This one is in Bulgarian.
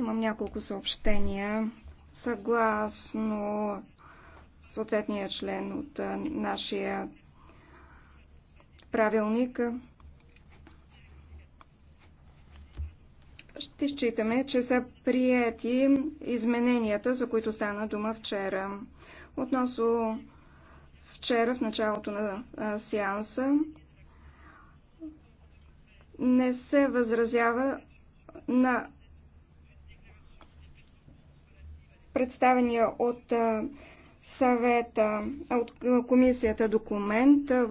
Имам няколко съобщения. Съгласно съответния член от нашия правилник, ще считаме, че са приети измененията, за които стана дума вчера. Относно вчера в началото на сеанса не се възразява на представения от съвета, от комисията документ